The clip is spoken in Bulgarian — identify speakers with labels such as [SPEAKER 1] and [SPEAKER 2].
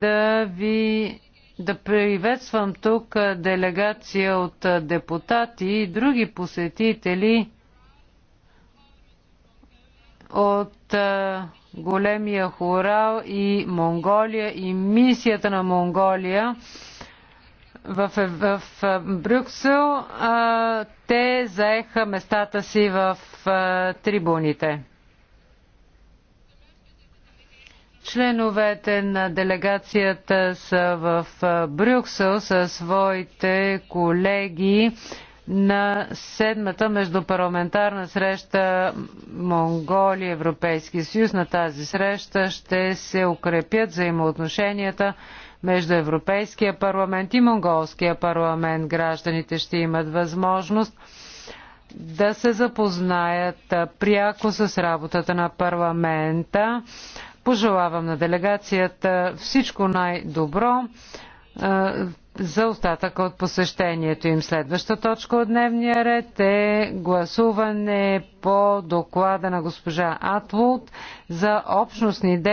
[SPEAKER 1] да ви да приветствам тук делегация от депутати и други посетители от големия хорал и Монголия и мисията на Монголия в, в, в Брюксел. Те заеха местата си в трибуните. Членовете на делегацията са в Брюксел със своите колеги на седмата междупарламентарна среща Монголия Европейски съюз. На тази среща ще се укрепят взаимоотношенията между Европейския парламент и Монголския парламент. Гражданите ще имат възможност да се запознаят пряко с работата на парламента Пожелавам на делегацията всичко най-добро за остатъка от посещението им. Следваща точка от дневния ред е гласуване по доклада на госпожа Атвуд за общностни действия